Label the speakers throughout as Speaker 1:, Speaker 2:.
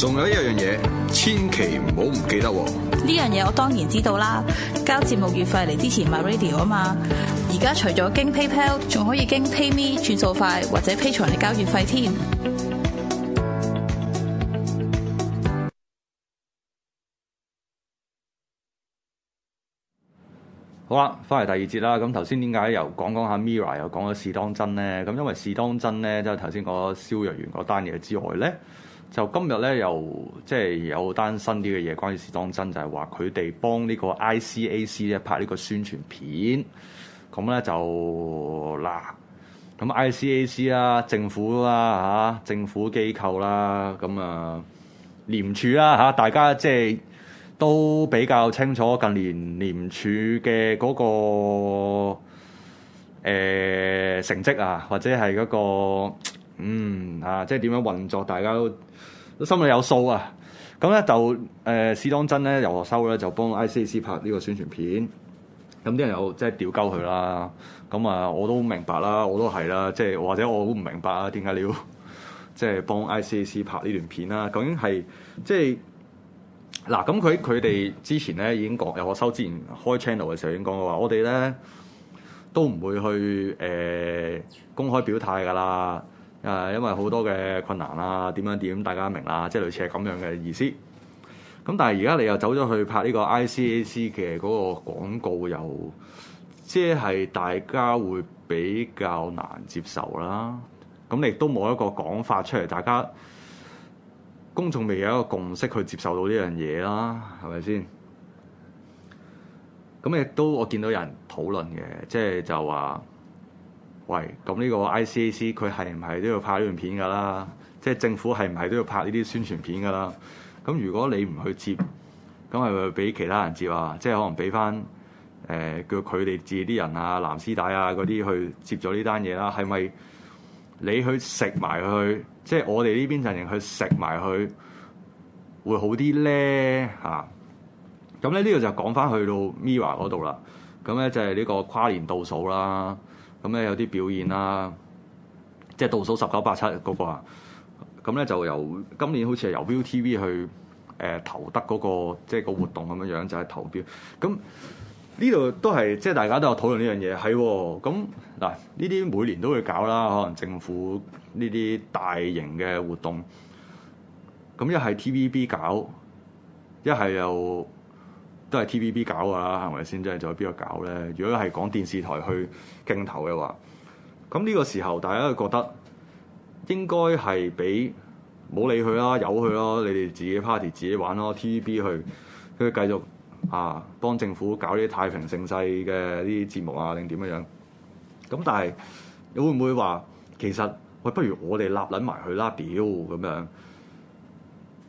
Speaker 1: 仲有一樣嘢，千祈唔好唔記得喎！呢樣嘢我當然知道啦，交節目月費嚟之前 MyRadio 啊嘛！而家除咗經 PayPal，仲可以經 PayMe 轉數快或者 Patreon 嚟交月費添。 好啦，翻嚟第二節啦。咁頭先點解又講講下 Mirror，又講咗事當真咧？咁因為事當真咧，即係頭先講蕭若元嗰單嘢之外咧。就今日咧，又即係有單新啲嘅嘢，關於事當真就係話佢哋幫呢個 ICAC 咧拍呢個宣傳片，咁咧就嗱，咁 ICAC 啦、啊、政府啦、啊、嚇、啊、政府機構啦、啊，咁啊廉署啦、啊、嚇，大家即係都比較清楚近年廉署嘅嗰、嗰個、呃、成績啊，或者係嗰、嗰個。嗯啊，即係點樣運作，大家都心裏有數啊。咁咧就誒，試、呃、當真咧，游學修咧就幫 ICAC 拍呢個宣傳片。咁啲人又即係屌鳩佢啦。咁啊，我都明白啦，我都係啦，即係或者我都唔明白啊，點解你要即係幫 ICAC 拍呢段片啦、啊？究竟係即係嗱咁佢佢哋之前咧已經講，游學修之前開 channel 嘅時候已經講過話，我哋咧都唔會去誒、呃、公開表態㗎啦。誒，因為好多嘅困難啦，點樣點，大家明啦，即係類似係咁樣嘅意思。咁但係而家你又走咗去拍呢個 ICAC 嘅嗰個廣告又，又即係大家會比較難接受啦。咁你都冇一個講法出嚟，大家公眾未有一個共識去接受到呢樣嘢啦，係咪先？咁亦都我見到有人討論嘅，即係就話。喂，咁呢個 ICAC 佢係唔係都要拍呢段片噶啦？即係政府係唔係都要拍呢啲宣傳片噶啦？咁如果你唔去接，咁係咪俾其他人接啊？即係可能俾翻誒叫佢哋自己啲人啊、藍絲帶啊嗰啲去接咗呢單嘢啦？係咪你去食埋佢？即係我哋呢邊陣營去食埋佢，會好啲咧嚇？咁咧呢個就講翻去到 Mirror 嗰度啦。咁咧就係呢個跨年倒數啦。咁咧有啲表演啦，即係倒數十九八七嗰個啊，咁咧就由今年好似係由 ViuTV 去誒、呃、投得嗰、那個即係個活動咁樣樣就係、是、投標，咁呢度都係即係大家都有討論呢樣嘢，係喎。咁嗱呢啲每年都會搞啦，可能政府呢啲大型嘅活動，咁一係 TVB 搞，一係又。都係 TVB 搞噶啦，係咪先？即係仲有邊個搞咧？如果係講電視台去鏡頭嘅話，咁呢個時候大家都覺得應該係俾冇理佢啦，由佢咯，你哋自己 party 自己玩咯。TVB 去跟住繼續啊，幫政府搞啲太平盛世嘅呢啲節目啊，定點樣樣？咁但係你會唔會話其實喂，不如我哋立撚埋佢啦，屌咁樣，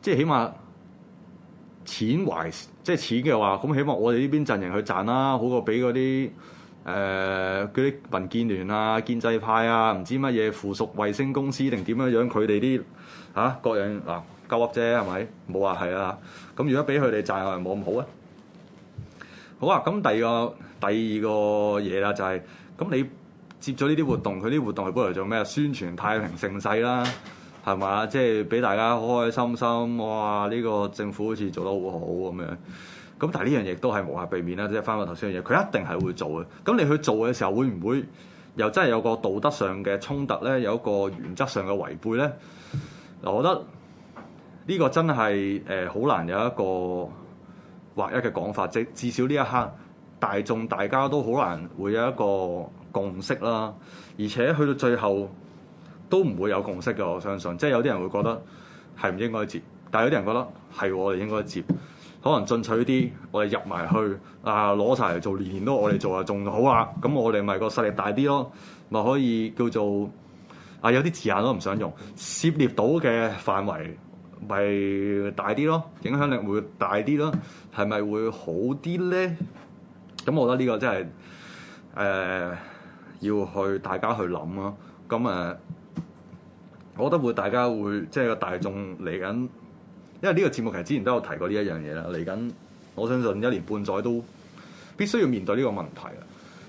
Speaker 1: 即係起碼。錢懷即係錢嘅話，咁起碼我哋呢邊陣營去賺啦，好過俾嗰啲誒啲民建聯啊、建制派啊、唔知乜嘢附屬衛星公司定點樣樣佢哋啲嚇各樣嗱鳩噏啫，係咪？冇話係啊！咁如果俾佢哋賺又冇咁好啊！好啊！咁第二個第二個嘢啦，就係，就係咁你接咗呢啲活動，佢啲活動係本來做咩啊？宣傳太平盛世啦～係嘛？即係俾大家開開心心，哇！呢個政府好似做得好好咁樣。咁但係呢樣嘢都係無可避免啦，即係翻返頭先樣嘢，佢一定係會做嘅。咁你去做嘅時候，會唔會又真係有個道德上嘅衝突咧？有一個原則上嘅違背咧？嗱，我覺得呢個真係誒好難有一個劃一嘅講法，即至少呢一刻，大眾大家都好難會有一個共識啦。而且去到最後，都唔會有共識嘅，我相信。即係有啲人會覺得係唔應該接，但係有啲人覺得係我哋應該接。可能進取啲，我哋入埋去啊，攞晒嚟做，年年都我哋做啊，仲好啦。咁我哋咪個實力大啲咯，咪可以叫做啊，有啲字眼都唔想用，涉獵到嘅範圍咪大啲咯，影響力會大啲咯，係咪會好啲咧？咁我覺得呢個真係誒、呃、要去大家去諗咯。咁誒。呃我覺得會大家會即係個大眾嚟緊，因為呢個節目其實之前都有提過呢一樣嘢啦。嚟緊，我相信一年半載都必須要面對呢個問題啦。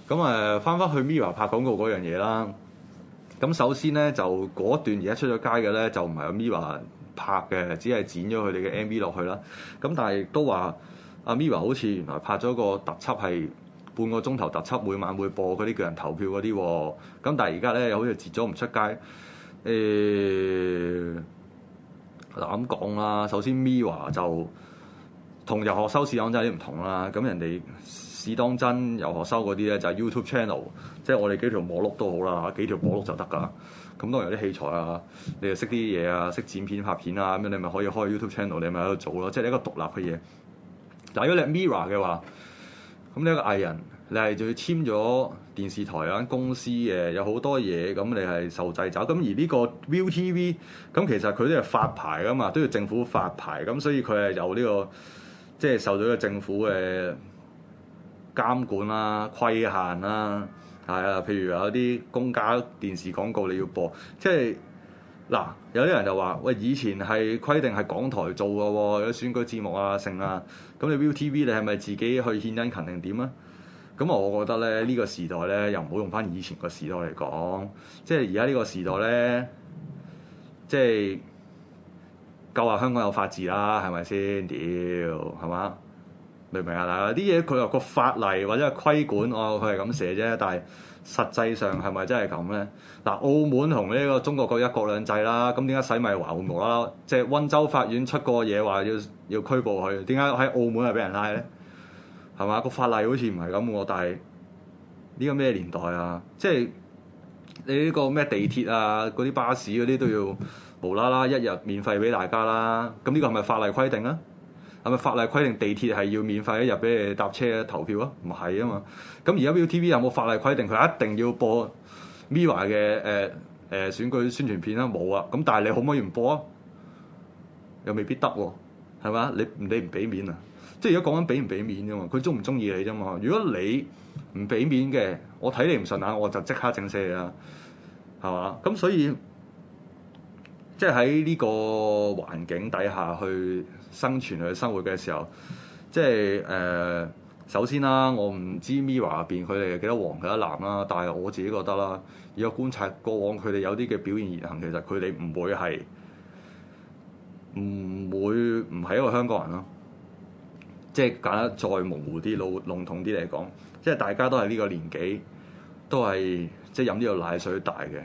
Speaker 1: 咁誒，返返去 Mirror 拍廣告嗰樣嘢啦。咁首先咧，就嗰段而家出咗街嘅咧，就唔係阿 Mirror 拍嘅，只係剪咗佢哋嘅 MV 落去啦。咁但係亦都話阿 Mirror 好似原來拍咗個特輯係半個鐘頭特輯，每晚會播嗰啲叫人投票嗰啲。咁但係而家咧又好似截咗唔出街。誒，嗱咁講啦，首先 Mirror 就同遊學修試當真啲唔同啦。咁人哋試當真遊學修嗰啲咧，就係 YouTube channel，即係我哋幾條網錄都好啦，幾條網錄就得㗎。咁當然有啲器材啊，你又識啲嘢啊，識剪片拍片啊，咁樣你咪可以開 YouTube channel，你咪喺度做咯。即係一個獨立嘅嘢。但如果你 Mirror 嘅話，咁你一個藝人，你係仲要簽咗電視台啊，間公司嘅有好多嘢咁，你係受制走咁。而呢個 ViuTV 咁，其實佢都係發牌噶嘛，都要政府發牌咁，所以佢係有呢個即係受咗個政府嘅監管啦、啊、規限啦係啊。譬如有啲公家電視廣告你要播，即係嗱有啲人就話喂，以前係規定係港台做噶喎、啊，有選舉節目啊，剩啊咁。你 ViuTV 你係咪自己去獻殷勤定點啊？咁我覺得咧，呢個時代咧，又唔好用翻以前個時代嚟講。即係而家呢個時代咧，即係夠話香港有法治啦，係咪先？屌 Yeah,，係嘛？明唔明啊？嗱，啲嘢佢有個法例或者係規管哦，佢係咁寫啫。但係實際上係咪真係咁咧？嗱，澳門同呢個中國國一國兩制啦，咁點解洗米華會無啦啦？即係溫州法院出過嘢話要要拘捕佢，點解喺澳門係俾人拉咧？係嘛？個法例好似唔係咁喎，但係呢個咩年代啊？即係你呢個咩地鐵啊、嗰啲巴士嗰啲都要無啦啦一日免費俾大家啦、啊。咁呢個係咪法例規定啊？係咪法例規定地鐵係要免費一日俾你搭車投票啊？唔係啊嘛。咁而家 ViuTV 有冇法例規定佢一定要播 Mirror 嘅誒誒選舉宣傳片啊？冇啊。咁但係你可唔可以唔播？啊？又未必得喎、啊。係嘛？你你唔俾面啊？即係而家講緊俾唔俾面啫嘛，佢中唔中意你啫嘛。如果你唔俾面嘅，我睇你唔順眼，我就即刻整死你啦，係嘛？咁所以即係喺呢個環境底下去生存去生活嘅時候，即係誒、呃、首先啦，我唔知 Mirror 入邊佢哋幾多黃幾多藍啦，但係我自己覺得啦，而家觀察過往佢哋有啲嘅表現言行，其實佢哋唔會係唔會唔係一個香港人咯。即係簡得再模糊啲、老籠統啲嚟講，即、就、係、是、大家都係呢個年紀，都係即係飲呢個奶水大嘅，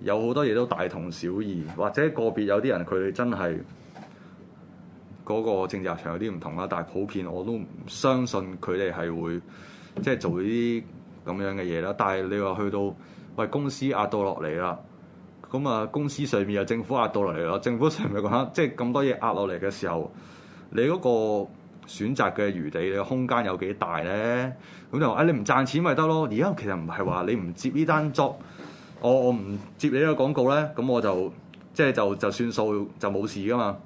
Speaker 1: 有好多嘢都大同小異，或者個別有啲人佢哋真係嗰、那個政治立場有啲唔同啦。但係普遍我都唔相信佢哋係會即係、就是、做呢啲咁樣嘅嘢啦。但係你話去到喂，公司壓到落嚟啦，咁啊公司上面又政府壓到落嚟啦，政府上面講即係咁多嘢壓落嚟嘅時候，你嗰、那個。選擇嘅餘地你嘅空間有幾大咧？咁就話，誒、啊、你唔賺錢咪得咯？而家其實唔係話你唔接呢單 job，我我唔接你呢個廣告咧，咁我就即係就就算數就冇事噶嘛。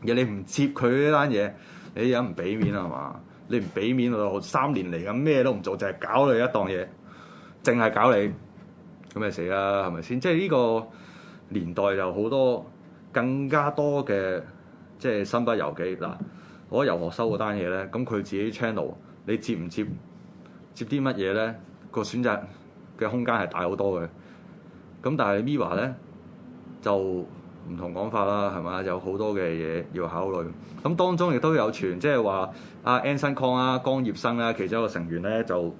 Speaker 1: 而你唔接佢呢單嘢，你又唔俾面啊嘛？你唔俾面，我三年嚟咁咩都唔做，淨係搞你一檔嘢，淨係搞你，咁咪死啦？係咪先？即係呢個年代就好多更加多嘅，即係身不由己嗱。如果遊學收嗰單嘢咧，咁佢自己 channel，你接唔接接啲乜嘢咧？個選擇嘅空間係大好多嘅。咁但係 Mirror 咧就唔同講法啦，係咪？有好多嘅嘢要考慮。咁當中亦都有傳，即係話阿 Anson Kong 啊、江業生啦，其中一個成員咧就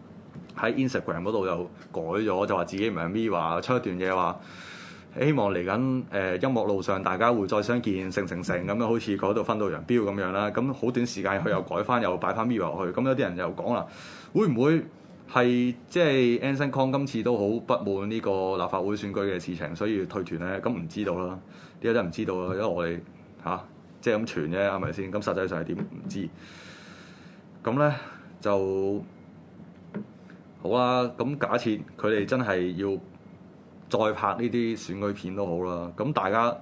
Speaker 1: 喺 Instagram 嗰度又改咗，就話自己唔係 Mirror，出一段嘢話。希望嚟緊誒音樂路上大家會再相見，成成成咁樣好似嗰度分道揚鑣咁樣啦。咁好短時間佢又改翻，又擺翻 Mirror 去。咁有啲人又講啦，會唔會係即係 Anson Kong 今次都好不滿呢個立法會選舉嘅事情，所以退團咧？咁唔知道啦，呢個真唔知道啊，因為我哋嚇、啊、即係咁傳啫，係咪先？咁實際上係點唔知？咁咧就好啦。咁假設佢哋真係要。再拍呢啲選舉片都好啦，咁大家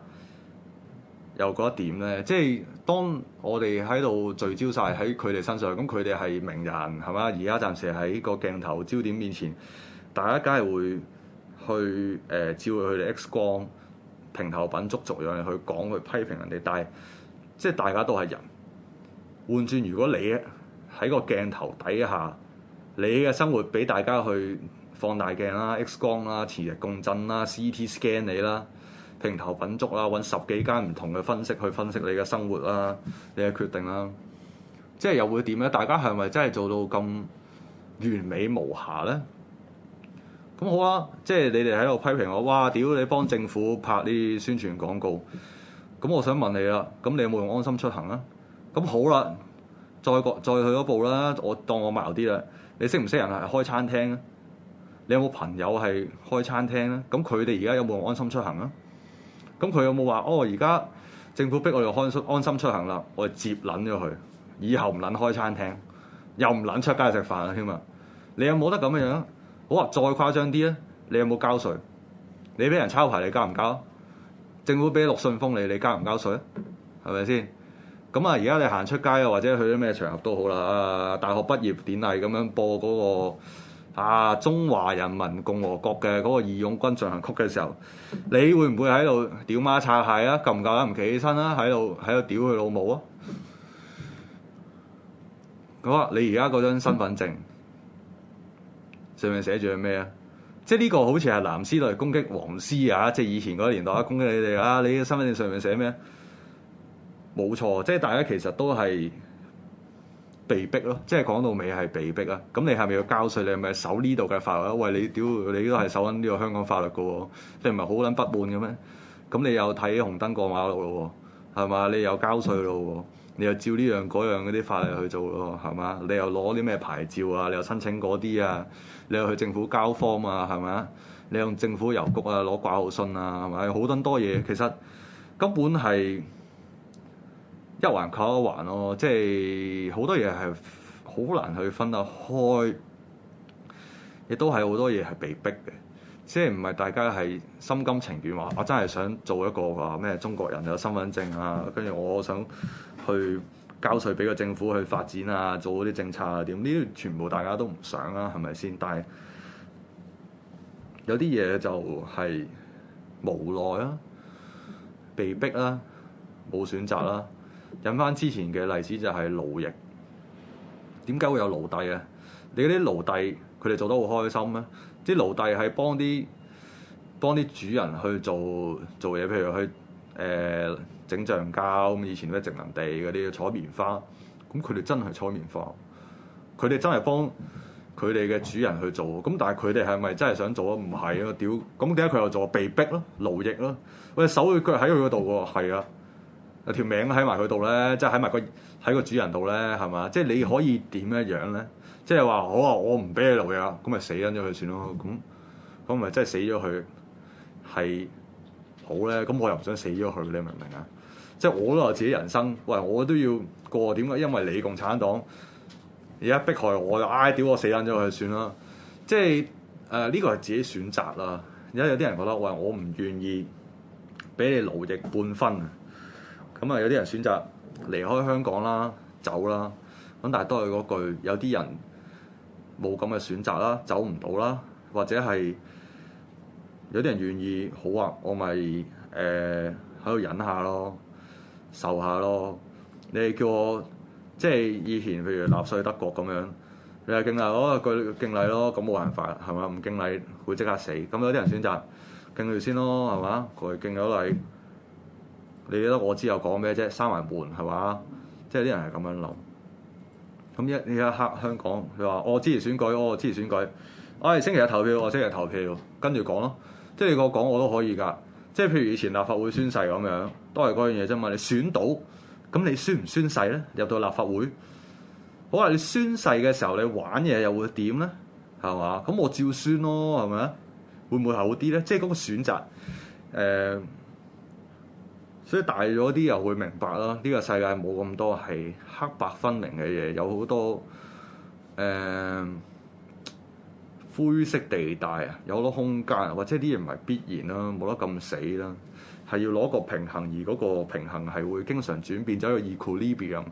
Speaker 1: 又覺得點咧？即係當我哋喺度聚焦晒喺佢哋身上，咁佢哋係名人係嘛？而家暫時喺個鏡頭焦點面前，大家梗係會去誒、呃、照佢哋 X 光、評頭品足，逐樣去講去批評人哋。但係即係大家都係人，換轉如果你喺個鏡頭底下，你嘅生活俾大家去。放大鏡啦、X 光啦、磁力共振啦、CT scan 你啦、評頭品足啦，揾十幾間唔同嘅分析去分析你嘅生活啦、你嘅決定啦，即係又會點咧？大家係咪真係做到咁完美無瑕咧？咁好啦，即係你哋喺度批評我，哇屌！你幫政府拍呢啲宣傳廣告，咁我想問你啦，咁你有冇用安心出行啊？咁好啦，再過再去一步啦，我當我茂啲啦。你識唔識人係開餐廳咧？你有冇朋友係開餐廳咧？咁佢哋而家有冇安心出行咧？咁佢有冇話哦？而家政府逼我哋安出安心出行啦，我哋接撚咗佢，以後唔撚開餐廳，又唔撚出街食飯啦，添啊！你有冇得咁嘅樣？好啊，再誇張啲啊！你有冇交稅？你俾人抄牌，你交唔交？政府俾你落信封你，你你交唔交稅啊？係咪先？咁啊，而家你行出街啊，或者去咗咩場合都好啦，啊，大學畢業典禮咁樣播嗰個。啊！中華人民共和國嘅嗰個義勇軍進行曲嘅時候，你會唔會喺度屌媽擦鞋啊？夠唔夠膽唔企起身啦，喺度喺度屌佢老母啊！好啊，你而家嗰張身份證上面寫住係咩啊？即係呢個好似係藍絲嚟攻擊黃絲啊，即係以前嗰個年代啊，攻擊你哋啊！你嘅身份證上面寫咩？冇錯，即係大家其實都係。被逼咯，即係講到尾係被逼啊！咁你係咪要交稅？你係咪守呢度嘅法律啊？喂你屌，你都係守緊呢個香港法律嘅喎，你唔係好撚不滿嘅咩？咁你又睇紅燈過馬路咯喎，係嘛？你又交稅咯喎，你又照呢樣嗰樣嗰啲法例去做咯，係嘛？你又攞啲咩牌照啊？你又申請嗰啲啊？你又去政府交科啊？係嘛？你用政府郵局啊攞掛號信啊？係咪？好撚多嘢，其實根本係。一環扣一環咯，即係好多嘢係好難去分得開，亦都係好多嘢係被逼嘅，即係唔係大家係心甘情願話我真係想做一個話咩中國人有身份證啊，跟住我想去交稅俾個政府去發展啊，做嗰啲政策啊，點呢？全部大家都唔想啦、啊，係咪先？但係有啲嘢就係無奈啊，被逼啦、啊，冇選擇啦、啊。引翻之前嘅例子就係奴役，點解會有奴隸啊？你嗰啲奴隸佢哋做得好開心咩？啲奴隸係幫啲幫啲主人去做做嘢，譬如去誒整橡膠咁。以前咩殖民地嗰啲要採棉花，咁佢哋真係採棉花，佢哋真係幫佢哋嘅主人去做。咁、呃、但係佢哋係咪真係想做啊？唔係啊！屌，咁點解佢又做被逼咯、啊？奴役咯！喂，手腳喺佢嗰度喎，係啊。有條命喺埋佢度咧，即喺埋個喺個主人度咧，係嘛？即、係、你可以點樣樣咧？即係話好啊，我唔俾你勞役，咁咪死緊咗佢算咯。咁咁咪即係死咗佢係好咧？咁我又唔想死咗佢，你明唔明啊？即、係、我都話自己人生喂，我都要過點解？因為你共產黨而家逼害我，我就唉屌、啊、我死緊咗佢算啦。即係誒呢個係自己選擇啦。而家有啲人覺得喂，我唔願意俾你勞役半分啊！咁啊、嗯，有啲人選擇離開香港啦，走啦。咁但係都係嗰句，有啲人冇咁嘅選擇啦，走唔到啦，或者係有啲人願意，好啊，我咪誒喺度忍下咯，受下咯。你叫我即係以前譬如納粹德國咁樣，你係敬禮，我、哦、係敬禮咯，咁冇辦法，係咪？唔敬禮會即刻死。咁、嗯、有啲人選擇敬佢先咯，係嘛？佢敬咗禮，禮。你覺得我之後講咩啫？閂埋門係嘛？即係啲人係咁樣諗。咁一呢一刻香港佢話：我支持選舉，我支持選舉。我、哎、係星期日投票，我星期日投票。跟住講咯，即係你個講我都可以㗎。即係譬如以前立法會宣誓咁樣，都係嗰樣嘢啫嘛。你選到，咁你宣唔宣誓咧？入到立法會，好啦，你宣誓嘅時候你玩嘢又會點咧？係嘛？咁我照宣咯，係咪啊？會唔會好啲咧？即係嗰個選擇，呃所以大咗啲又會明白啦，呢、這個世界冇咁多係黑白分明嘅嘢，有好多誒、呃、灰色地帶啊，有好多空間啊，或者啲嘢唔係必然啦，冇得咁死啦，係要攞個平衡，而嗰個平衡係會經常轉變，走去 equilibrium 呢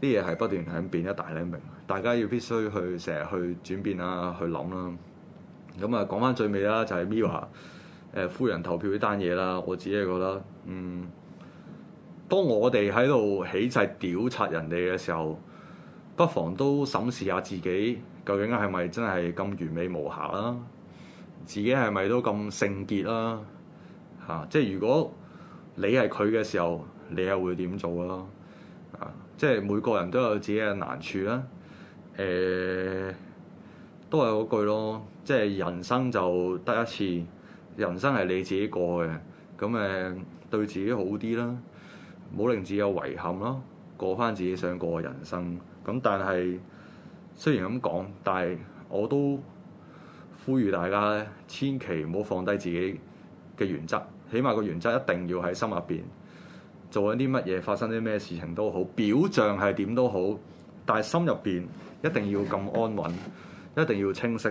Speaker 1: 邊，啲嘢係不斷響變啊，大家明，大家要必須去成日去轉變啊，去諗啦。咁啊，講翻最尾啦，就係、是、Mirror。誒夫人投票呢單嘢啦，我自己係覺得，嗯，當我哋喺度起勢屌拆人哋嘅時候，不妨都審視下自己究竟係咪真係咁完美無瑕啦？自己係咪都咁聖潔啦？嚇、啊，即係如果你係佢嘅時候，你又會點做啦？啊，即係每個人都有自己嘅難處啦。誒、啊，都係嗰句咯，即係人生就得一次。人生係你自己過嘅，咁誒對自己好啲啦，唔好令自己有遺憾咯，過翻自己想過嘅人生。咁但係雖然咁講，但係我都呼籲大家咧，千祈唔好放低自己嘅原則，起碼個原則一定要喺心入邊。做緊啲乜嘢，發生啲咩事情都好，表象係點都好，但係心入邊一定要咁安穩，一定要清晰。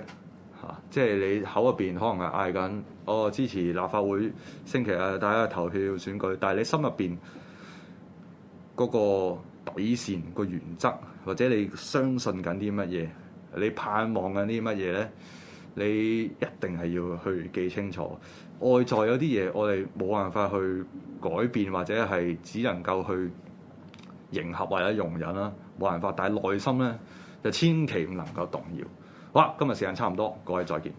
Speaker 1: 即係你口入邊可能係嗌緊，我、哦、支持立法會星期日大家投票選舉。但係你心入邊嗰個底線、個原則，或者你相信緊啲乜嘢，你盼望緊啲乜嘢咧？你一定係要去記清楚。外在有啲嘢，我哋冇辦法去改變，或者係只能夠去迎合或者容忍啦，冇辦法。但係內心咧，就千祈唔能夠動搖。好，今日時間差唔多，各位再見。